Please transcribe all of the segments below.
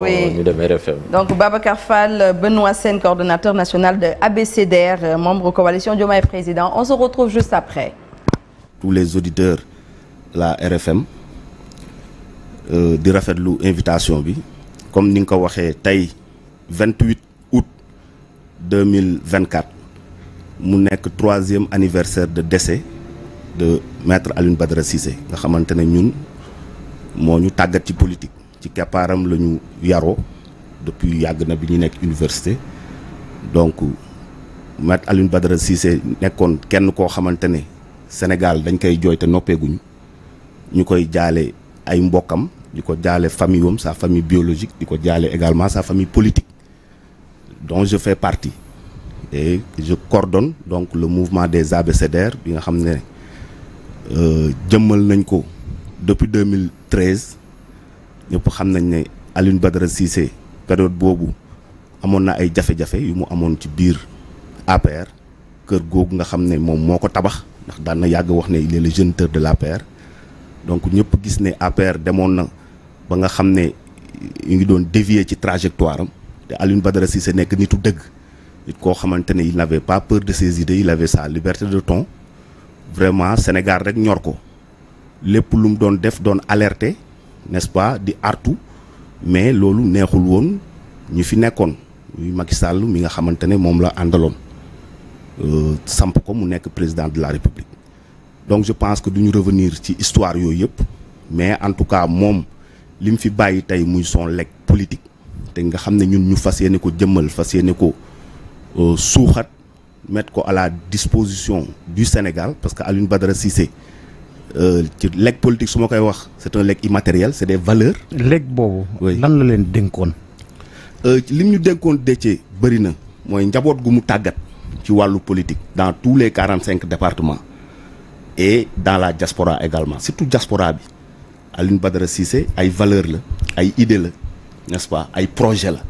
oui ñu dem RFM donc Babacar Fall Benoît Sène coordonnateur national de ABCDR membre coalition Diomaye Président on se retrouve juste après. tous les auditeurs la RFM euh, di rafetlu invitation bi comme ni nga ko waxee tey 28 août 2024 mu nekk troisième anniversaire de décès de maître Alioune Badara Cissé nga xamante ne ñun moo ñu tàggat ci politique. ci keppaaram la ñu yaroo depuis yàgg na bi ñu nekk université donc Maître Alioune Badara Cissé nekkoon kenn koo xamante ne Sénégal dañ koy jooy te noppeeguñu ñu koy jaale ay mbokkam di ko jaale famille wam sa famille biologique di ko jaale également sa famille politique dont je fait partie et je coordonne donc le mouvement des abécédaires bi nga xam ne euh, jëmmal nañ ko depuis 2013 ñëpp xam nañ ne Alioune Badara Cissé période boobu amoon na ay jafe-jafe yu mu amoon ci biir APR kër googu nga xam ne moom moo ko tabax ndax daan yàgg wax ne il est le jeune tër de l'APR donc ñëpp gis ne APR demoon na ba nga xam ne ñu ngi doon dévier ci trajectoire am te Alioune Badara Cissé nekk nitu dëgg nit koo xamante ne il n'avait pas peur de ses idées il lave sa liberté de temps vraiment Sénégal rek ñor ko lépp lu doon def doon alerter. n'est-ce pas di artu mais loolu neexul woon ñu fi nekkoon muy Macky Sall mi nga xamante ne moom la àndaloon euh, samp ko mu nekk président de la République donc je pense que du ñu revenir ci histoire yooyu yëpp mais en tout cas moom li mu fi bàyyi tey muy son lekk politique te nga xam ne ñun ñu fas yéene ko jëmmal fas yéene ko euh, suuxat mettre ko à la disposition du Sénégal parce que Alioune Badara Cissé Euh, ci legs politique su ma koy wax c'est un legs immatériel c'est des valeurs. legs boobu. lan la leen dénkoon. Euh, lim ñu dénkoon dëcce bëri na mooy njaboot gu mu tàggat ci wàllu politique dans tous les quarante cinq départements et dans la diaspora également surtout jaspora bi Alioune Badara Cissé ay valeur la ay idee la n'est-ce pas ay projet la.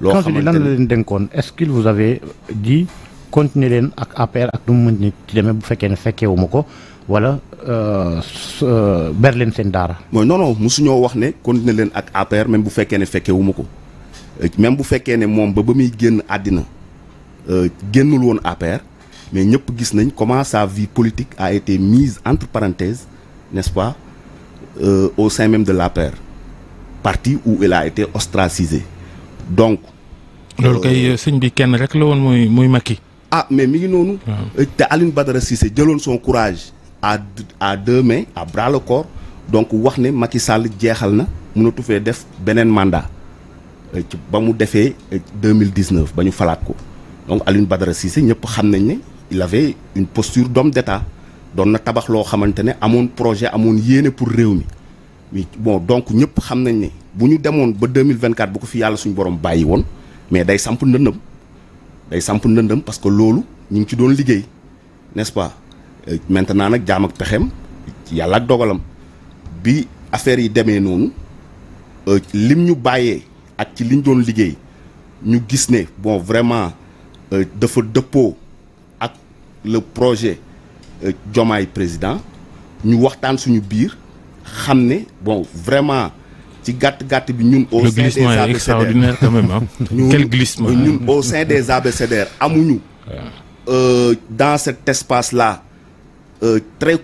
loo xam ne lan la leen dénkoon est vous avez dit continuer leen ak APR ak nu mu mën ci deme bu fekkee ne fekkee ma ko. wala euh, euh, ber leen seen daara. mooy non non mosuñoo wax ne continuer leen ak APR même bu fekkee ne fekkee ma ko euh, même bu fekkee ne moom ba ba muy génn àddina génnul woon APR mais ñëpp gis nañ comment sa vie politique a été mise entre parenthèses n'est-ce pas au sein même de l'APR parti où il a été ostracisé donc. loolu kay sëñ bi kenn rek la woon muy muy Macky. ah mais mi ngi noonu. te Alioune Badara Cissé jëloon son courage. à à deux mains à bras donc wax ne Macky Sall jeexal na mënatu fee def beneen mandat euh, ci ba mu defee 2019 euh, ba ñu falaat ko donc Alioune Badara Cissé ñëpp xam nañ ne il avait une posture doom d'État doon na tabax loo xamante ne amoon projet amoon yéene pour réew mi mais bon donc ñëpp xam nañ ne bu ñu demoon ba 2024 bu ko fi yàlla suñu borom bàyyi woon mais day samp ndëndëm day samp ndëndëm parce que loolu ñu ngi ci doon liggéey n'est-ce maintenant nag jaam ak pexem yàlla ak dogalam bi affaire yi demee noonu euh, lim ñu bàyyee ak ci liñ doon liggéey ñu gis ne bon vraiment euh, dafa dëppoo ak le projet jomaay euh, président ñu waxtaan suñu biir xam ne bon vraiment ci gàtt gàtt bi ñun. au sein des abcdr extraordinaire quand même quel ñun au sein des abcdr amuñu. dans cet espace là euh, très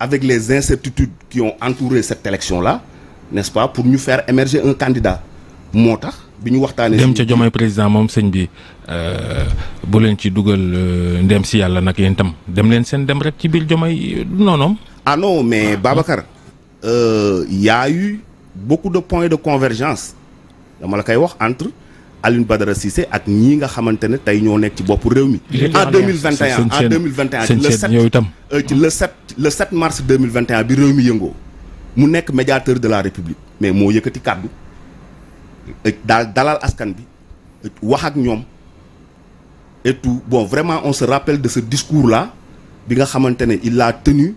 avec les incertitudes qui ont entouré cette élection-là n'est-ce pas pour ñu faire émerger un candidat moo tax bi ñu waxtaanee. dem ca Diomaye président moom sëñ bi euh, bu leen ci dugal euh, ndem si yàlla nag yéen tam dem leen seen dem rek ci biir jomay noonoom ah non mais Babacar euh, y eu beaucoup de point de convergence dama la koy wax entre Alioune Badara Cissé ak ñii nga xamante ne tey ñoo nekk ci bopp réew mi. en deux mille vingt et un en deux mille vingt et un le sept euh, ci le sept le sept mars deux bi réew mi yëngoo mu nekk médiateur de la république mais moo yëkkati kàddu daal dalal askan bi wax ak ñoom et tout bon vraiment on se rappelle de ce discours là bi nga xamante ne il la tenu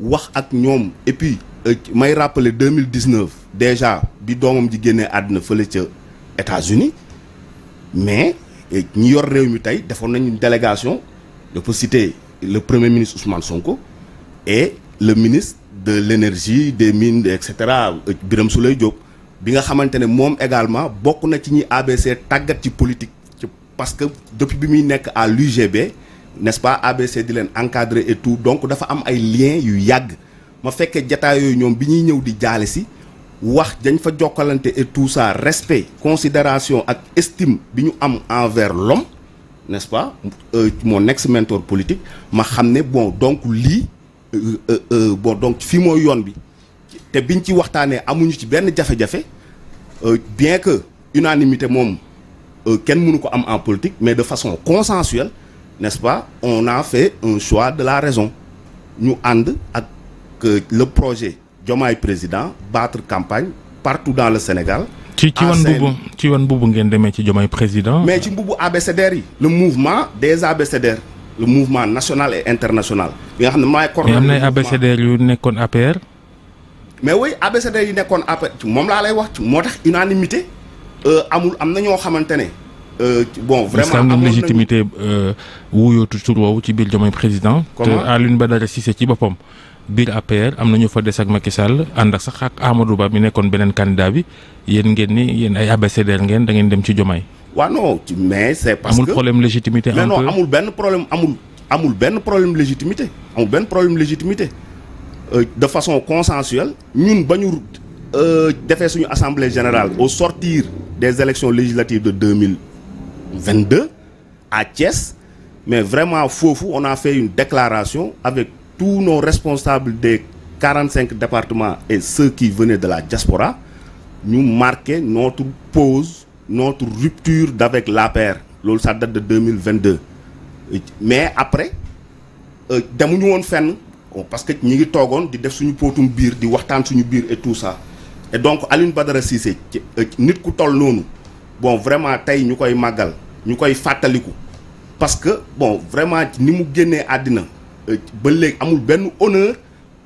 wax ak ñoom et puis euh, may rappeler deux mille dix neuf déjà bi doomam ji génnee àdduna fële ca États-Unis mais ñi yor réew mi tey defoon nañu délégation dafa le premier ministre Ousmane Sonko et le ministre de l'énergie des mines et cetera euh, Birame Souleye jóg bi nga xamante ne moom également bokk na ci ñi ABC tàggat ci politique parce que depuis bi muy nekk à l'UGB n'est-ce pas ABC di leen encadrer et tout donc dafa am ay lien yu yàgg ma fekkee jataay yooyu ñoom bi ñuy ñëw di jaale si wax dañ fa jokkalante et tout ça respect considération ak estime bi ñu am envers lom n'est-ce pas euh, mon ex-mentor politique ma xam ne bon donc lii euh, euh, bon donc fii mooy yoon bi te biñ ci waxtaanee amuñu ci benn jafe-jafe bien que unanimité moom kenn mënu ko am en politique mais de façon consensuelle n'est-ce pas on a fait un choix de la raison ñu ànd ak le projet Diomaye président battre campagne partout dans le Sénégal. ci ci wan mbubu ci wan mbubu ngeen demee ci Diomaye président. mais ci mbubu abécédaire yi. le mouvement des abécédaires le mouvement national et international. bi xam ne maay coordonné. mais am na abécédaire yu nekkoon APR. mais oui abécédaire yi nekkoon APR moom laa lay wax moo tax unanimité euh, amul am na ñoo xamante ne. Euh, bon vraiment amoon nañu légitimité euh, wuyootu tur woowu ci biir Diomaye président. te Alioune Badara Cissé ci boppam. biir APR am na ñu fa des ak Macky ànd ak sax ak Amadou Ba mi nekkoon beneen candidat bi yéen ngeen ni yéen ay abécédaire ngeen da ngeen dem ci Diomaye. waaw non mais c'est parce que amul problème légitimité. mais non amul benn problème amul amul benn problème légitimité amul benn problème légitimité euh, de façon consensuelle ñun ba ñu euh, defee suñu assemblée générale au sortir des élections législatives de deux mille vingt deux à Thiès mais vraiment foofu on a fait une déclaration avec. tous no responsables des 45 départements et ceux qui venaient de la diaspora ñu marqué notre pause notre rupture d'avec l'APR loolu ça date de 2022 mais après euh, demuñu woon fenn oh, parce que ñi ngi toogoon di def suñu póotum biir di waxtaan suñu biir et tout ça et donc Alioune Badara Cissé euh, nit ku toll noonu bon vraiment tey ñu koy màggal ñu koy fàttaliku parce que bon vraiment ni mu génnee àddina ba léegi amul benn honneur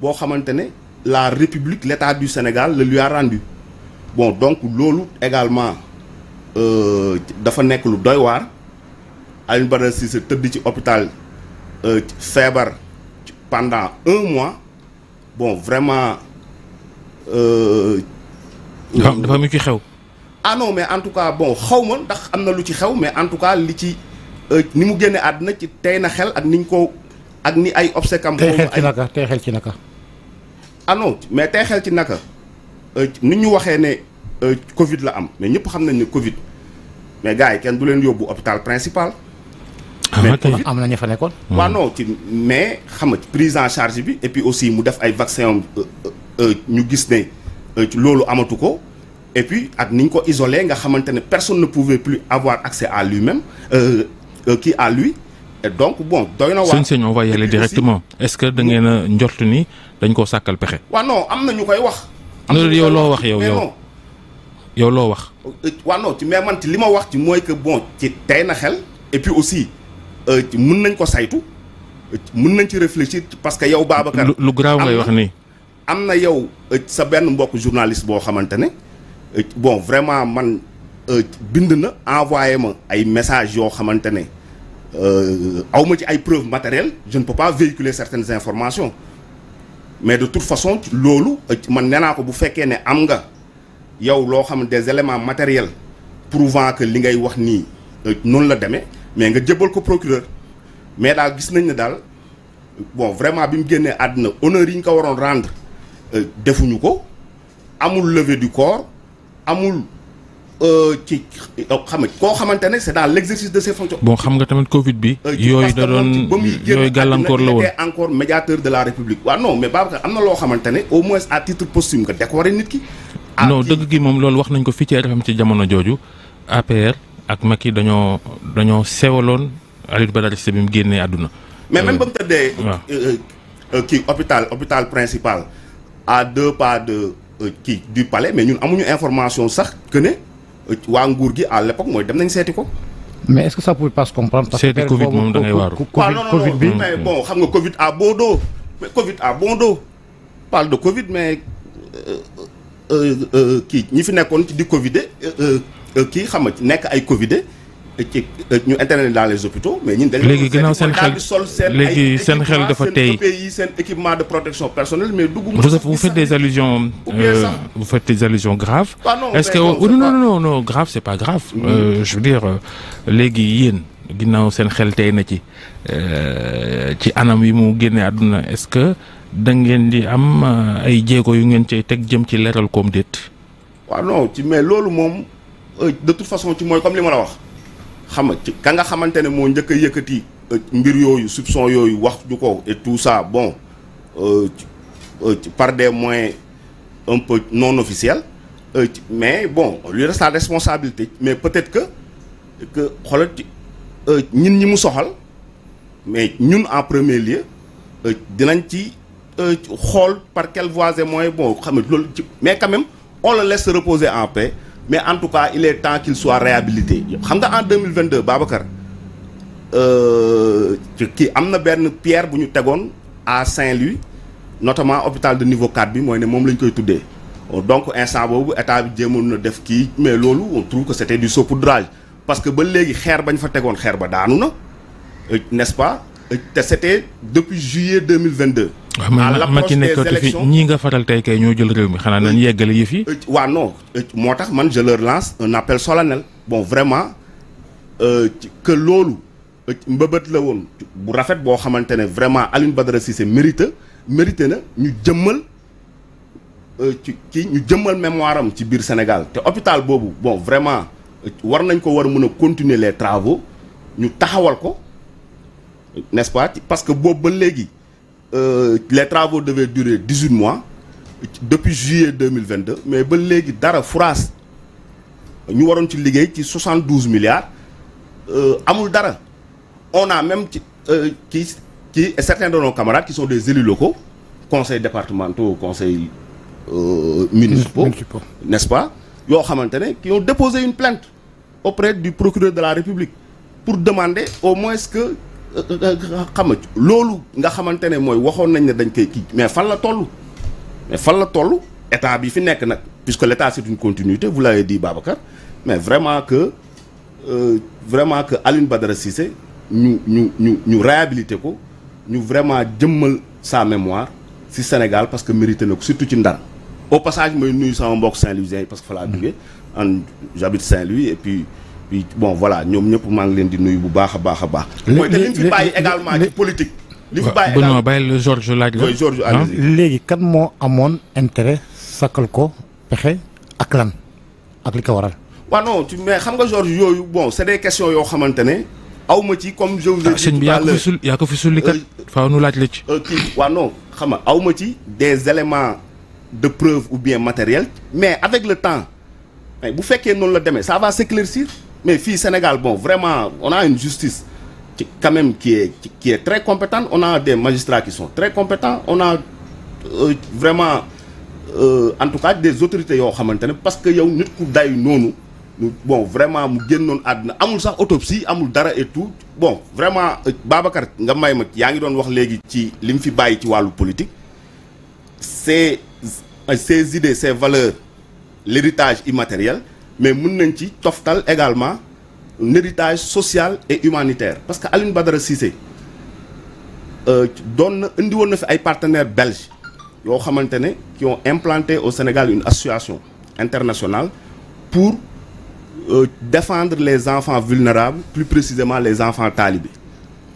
boo xamante ne la république l'état du Sénégal le lui rendu bon donc loolu également euh, dafa nekk lu doy waar Alioune Badara Cissé tëdd ci hôpital euh, feebar pendant un mois bon vraiment. Euh, dafa mu ki xew. ah non mais en tout cas bon xaw ma ndax am na lu ci xew mais en tout cas li ci ni mu génne àdduna ci tey na xel ak ni ñu ko ak ni ay obsèques am. tey xel ci naka tey xel ci naka. ah mais tey xel ci naka euh, ni ñu waxee ne euh, Covid la am mais ñëpp xam nañ ne Covid mais gars yi kenn du leen yóbbu hôpital principal. Ah, mais am na ñu fa nekkoon. waaw hmm. non ci mais xam nga prise en charge bi et puis aussi mu def ay vaccin euh, ñu gis ne loolu amatu ko et puis ak ni ñu ko isolé nga xamante ne personne ne pouvait plus avoir accès à lui-même kii euh, euh, à lui. et donc bon doy na. waa sëñ sëñ on va y aller directement est-ce que da njort ni dañ koo sàkkal pexe. waaw non am na ñu koy wax. am na yow loo wax yow yow yow loo wax. waaw non ci mais man ci li ma wax ci mooy que bon ci tey na xel et puis aussi euh, mun nañ ko saytu euh, mun nañ ci réfléchir parce que yow. Babacar lu graaw ngay wax nii. am na yow euh, sa benn mbokk journaliste boo xamante ne bon vraiment man bind na envoyé ma ay message yoo xamante ne. Euh, aw ma ci ay preuves matérielles je ne peux pas véhiculer certaines informations mais de tout façon loolu man nee naa ko bu fekkee ne am nga yow loo xam des éléments matériels prouvant que li ngay wax nii euh, noonu la demee mais nga jëbal ko procureur mais daal gis nañ ne daal bon vraiment bi mu génnee àdduna honneur yi ñu ko waroon rendre euh, defuñu ko amul levée du corps amul. Euh, ci xam nga koo xamante ne c'est dans l'exercice de ses fonctions. bon xam nga tamit Covid bi. Euh, yooyu da doon yooyu gàllankoor la woon encore médiateur de la République. waaw non mais Babacar am na loo xamante ne au moins à titre posthume nga décorer nit ki. Ah, non dëgg gi moom loolu wax nañ ko fii ci RFM ci jamono jooju APR ak yi dañoo dañoo sewaloon Aliou Badara Cissé bi mu génnee àdduna. mais même ba mu tëddee. Euh, waaw principal à deux pas de kii du palais mais ñun amuñu information sax que waa nguur gi à l'époque mooy dem nañ seeti ko. mais est-ce que ça pouvait pas se comprendre. parce que Covid ah, bi hmm. bon xam nga Covid à bon dos mais Covid à bon dos de Covid mais euh, euh, euh, kii ñi fi nekkoon ci di Covidé kii xam nga nekk ay Covidé. Euh, ñu internet dans les hôpitaux mais ñun dañu léegi ginnaaw seen xel sol seen seen xel dafa tey seen équipement de protection personnelle mais dugg vous faites des allusions euh, vous faites des allusions graves ah est-ce que non, oh, non, non non non grave c'est mm. euh, euh, léegi yéen ginnaaw seen xel tey na ci ci anam yi mu génne àdduna est-ce que da ngeen di am ay jéego yu ngeen cay teg jëm ci leeral koom déet ci mais loolu moom de toute façon ci mooy comme li ma la wax xam nga ci ka nga xamante ne moo njëkk a yëkkati euh, mbir yooyu soupçon yooyu wax ju ko et tout ça bon euh, euh, par des moyens un peu non officiels euh, mais bon lui reste la responsabilité mais peut-être que que xoolal euh, ñun ñi mu soxal mais ñun en premier lieu euh, dinañ ci xool par quel voie et moyens bon xam nga loolu mais quand même on le laisse en paix mais en tout cas il est temps qu'il soit réhabilité xam nga en 2022 Babacar euh, kii am na benn pierre bu ñu tegoon à Saint-Louis notamment hôpital de niveau 4 bi mooy ne moom la ñu koy tuddee donc instant boobu état bi jéemoon na def kii mais loolu on trouve que c'était du saupoudrage parce que ba léegi xeer bañ fa tegoon xeer ba daanu na euh, n'est-ce pas euh, te c'était depuis juillet 2022 à Macky nekkatu fi ñii nga faral tey kay ñoo jël réew mi xanaa nañ yeggale yëf yi. Euh, waaw non euh, moo tax man je leur lance un appel solennel bon vraiment euh, que loolu mbëbët la woon bu rafet boo xamante ne vraiment Alioune Badara Cissé mérite mérité na ñu jëmmal ci kii ñu jëmmal mémoire am ci biir Sénégal te hôpital boobu bon vraiment war nañ ko war a mën a continuer les travaux ñu taxawal ko n'est-ce pas parce que boobu ba léegi. Euh, les travaux devaient durer dix-huit mois depuis juillet deux mille vingt-deux mais ba léegi dara Foras ñu waroon ci liggéey ci soixante douze milliards euh, amul dara on a même ci euh, ci ci certains de nos qui sont des élus locaux conseils départementaux conseils euh, n'est-ce pas yoo xamante ne qui ont déposé une plainte auprès du procureur de la République pour demander au moins que xam nga loolu nga xamante ne mooy waxoon nañ ne dañ koy kii mais fan la toll mais fan la toll état bi fi nekk nag puisque l' état c' est une continuité vous l' avez mais vraiment que euh, vraiment que Alioune Badara Cissé ñu ñu ñu ñu réyabilité ko ñu vraiment jëmmal sa mémoire si Sénégal parce que mérité na ko surtout ci Ndar au passage mooy nuyu sama mbokk Saint-Louisien parce que fa laa mm-hmm. jógee en j'habite Saint-Louis bon voilà ñoom ñëpp maa ngi leen di nuyu bu baax a baax a baax. mooy te liñ fi bàyyi également li fi bàyyi également bàyyi la Georges laaj la. Georges léegi kan moo amoon intérêt sakkal ko pexe ak lan ak li ko waral. waaw non mais xam nga Georges yooyu bon c'est des questions yoo xamante ne. aw ma ci comme je vous ai ah, dit sëñ bi yaa ko fi euh, laaj la ci. Euh, kii xam nga aw ma ci des éléments de preuve ou bien matériel mais avec le temps bu fekkee noonu la demee ça va s'éclaircir mais fii Sénégal bon vraiment on a une justice ci quand même qui est qui est très compétente on a des magistrats qui sont très compétents on a euh, vraiment euh, en tout cas des autorités yoo xamante ne parce que yow nit ku day noonu bon vraiment mu génnoon àdduna amul sax autopsie amul dara et tout bon vraiment euh, Babacar nga may ma yaa ngi doon wax léegi ci li mu fi bàyyi ci wàllu politique ces ces idées ces valeurs l'héritage immatériel mais mun nañ ci toftal également un sociale et humanitaire parce que Alioune Badara Cissé euh, doon na indiwoon na fi ay partenaires belges yoo xamante ne qui ont au Sénégal une association internationale pour euh, défendre les enfants vulnérables plus précisément les enfants talibés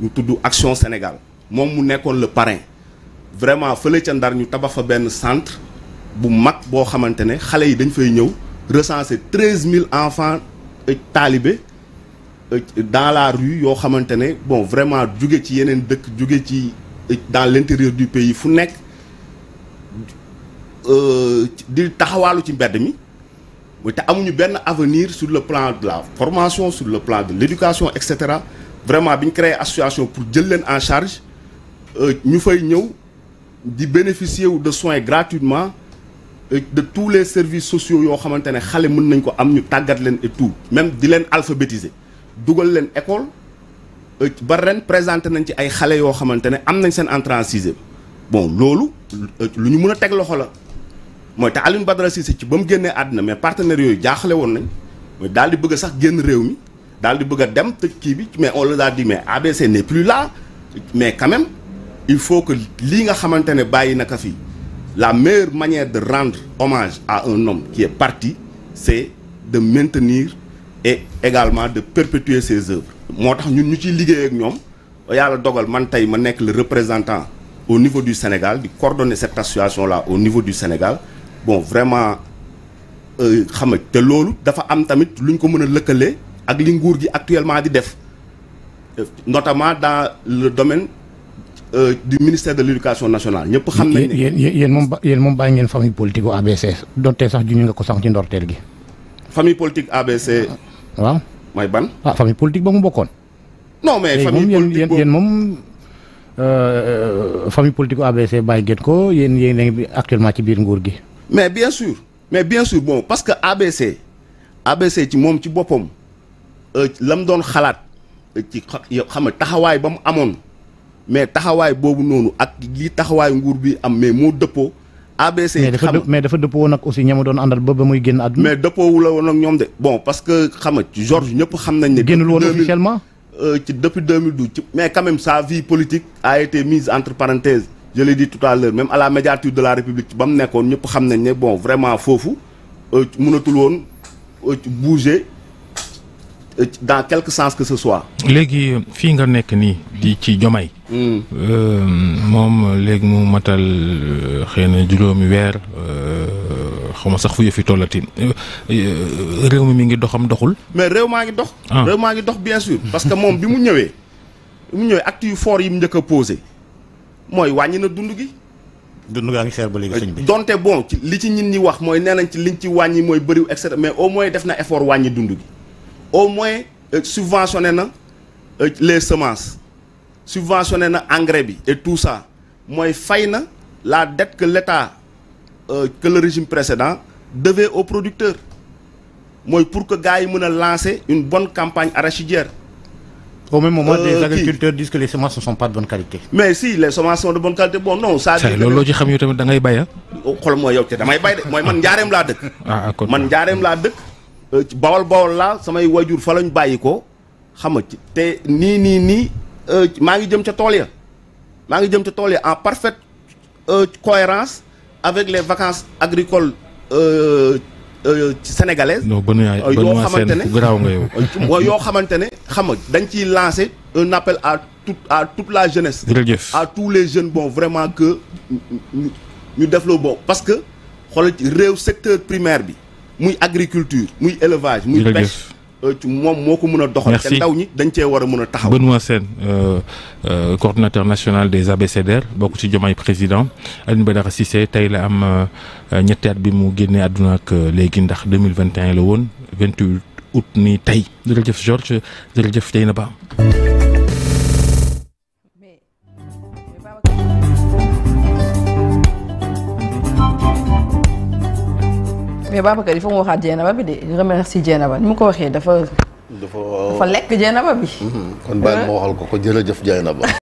ñu tudd Action Sénégal moom mu nekkoon le parrain vraiment fële ca Ndar ñu tabax fa benn centre bu mag boo xamante ne xale yi dañu fay ñëw recensé treize mille enfants taalibe dans la rue yoo xamante ne bon vraiment jóge ci yeneen dëkk jóge ci dans l'intérieur du pays fu nekk euh, di taxawaalu ci mbedd mi te amuñu benn avenir sur le plan de la formation sur le plan de l'éducation et cetera vraiment bi ñu créé association pour jël leen en charge euh, ñu fay ñëw di bénéficier wu de soins gratuitement de tous les services sociaux yoo xamante ne xale mën nañ ko am ñu tàggat leen et tout même di leen alphabétiser dugal leen école ba ren présenté nañ ci ay xale yoo xamante ne am nañ seen entrée en sixième bon loolu lu ñu mën a teg loxo la mooy te Alioune Badara Cissé ci ba mu génnee àddina mais partenaire yooyu jaaxle woon nañ dal di bëgg a sax génn réew mi daal di bëgg dem tëj kii bi mais on leur a dit mais ABC n'est plus là mais quand il faut que lii nga xamante ne bàyyi naka fii la meilleure manière de rendre hommage à un homme qui est parti c'est de maintenir et également de perpétuer ses œuvres moo tax ñun ñu ciy liggéey ak ñoom yàlla dogal man tey ma nekk le représentant au niveau du Sénégal di coordonner cette association là au niveau du Sénégal bon vraiment euh, xam nga te loolu dafa am tamit lu ñu ko mën a lëkkalee ak li nguur gi actuellement di def euh, notamment dans le domaine Euh, di ministère de l' éducation nationale ñëpp xam nañ ne. yéen moom ba yéen moom bàyyi ngeen famille politique gu ABC donte sax juñu nga ko sax ci ndorteel gi. famille politique ABC. Ah, waaw mooy ban. a ah, famille politique ba mu bokkoon. non mais euh, famille politique yéen moom. famille politique ABC bàyyi ngeen ko yéen yéen a ngi actuellement ci biir nguur gi. mais bien sûr mais bien sûr bon parce que ABC ABC ci moom ci boppam euh, lam doon xalaat ci xam nga taxawaay ba mu amoon. mais taxawaay boobu noonu ak li taxawaay nguur bi am mais moo dëppoo. ABC xam mais dafa dëppoo nag aussi ñama doon àndal ba ba muy génn àdduna. mais dëppoowu la woon ak ñoom de bon parce que xam nga Georges ñëpp xam nañ ne. génnul woon officiellement. Euh, ci depuis 2012 ci mais quand même sa vie politique a été mise entre parenthèses je l'ai dit tout à l'heure même à la médiature de la République ba mu nekkoon ñëpp xam nañ ne bon vraiment foofu euh, mënatul woon euh, bouger. dans quelque sens que ce soit. léegi fii nga nekk nii di ci Jomay. Hmm. Euh, moom léegi mu matal euh, xëy na juróomi weer euh, xaw ma sax fu fi tollati réew mi mi ngi doxam doxul. mais réew maa ngi dox. Ah. réew maa ngi dox bien sûr. parce que moom bi mu ñëwee. bi mu ñëwee acte yu fort yi mu njëkk a posé mooy wàññi na dund gi. dund gaa ngi cher ba léegi sëñ bi. donte bon li ci ñin ñi wax mooy nee nañ ci liñ ci wàññi mooy bëriw et cetera mais au moins def na effort wàññi dund gi. au moins euh, subventionné na euh, les semences subventionné na engrais bi et tout ça mooy fay na la dekk que l'État euh, que le régime précédent devait aux producteurs mooy pour que gars yi mën a lancer une bonne campagne arachidière. au même moment euh, les agriculteurs qui... disent que les semences ne pas de bonne qualité. mais si les semences sont de bonne qualité bon non. ça dire loolu ci xam yow tamit da ngay bay ah. Oh, xool mooy yow te damay bay de mooy man njaareem laa dëkk. Ah, ah, man njaareem laa dëkk. Euh, bawal bawal laa samay wajur fa lañ bàyyi ko xam nga te nii nii nii euh, maa ngi jëm ca tool ya maa ngi jëm ca tool ya en parfaite euh, cohérence avec les vacances agricoles sénégalaises. non yoo xamante ne yoo xamante ne xam nga dañ ciy lancer un appel à tout à toute la jeunesse. à tous les jeunes bon vraiment que ñu def loo bon parce que xoolal ci réew secteur primaire bi. muy agriculture muy élevage muy pêche euh, moom moo ko mën a doxal te ndaw ñi dañ cee war a mën a taxaw Benoît Sène euh, euh, coordinateur national des ABCDR bokk ci Diomaye président Alioune Badara Cissé tey la am ñetti at bi mu génnee àdduna ak léegi ndax 2021 la woon 28 août ni tey jërëjëf Georges na ba mais Babacar il faut mu waxaat Dieynaba bi de remercie Dieynaba ni mu ko waxee dafa. dafa lekk Dieynaba bi. Mhm. kon bàyyi ma waxal ko ko jërëjëf Dieynaba.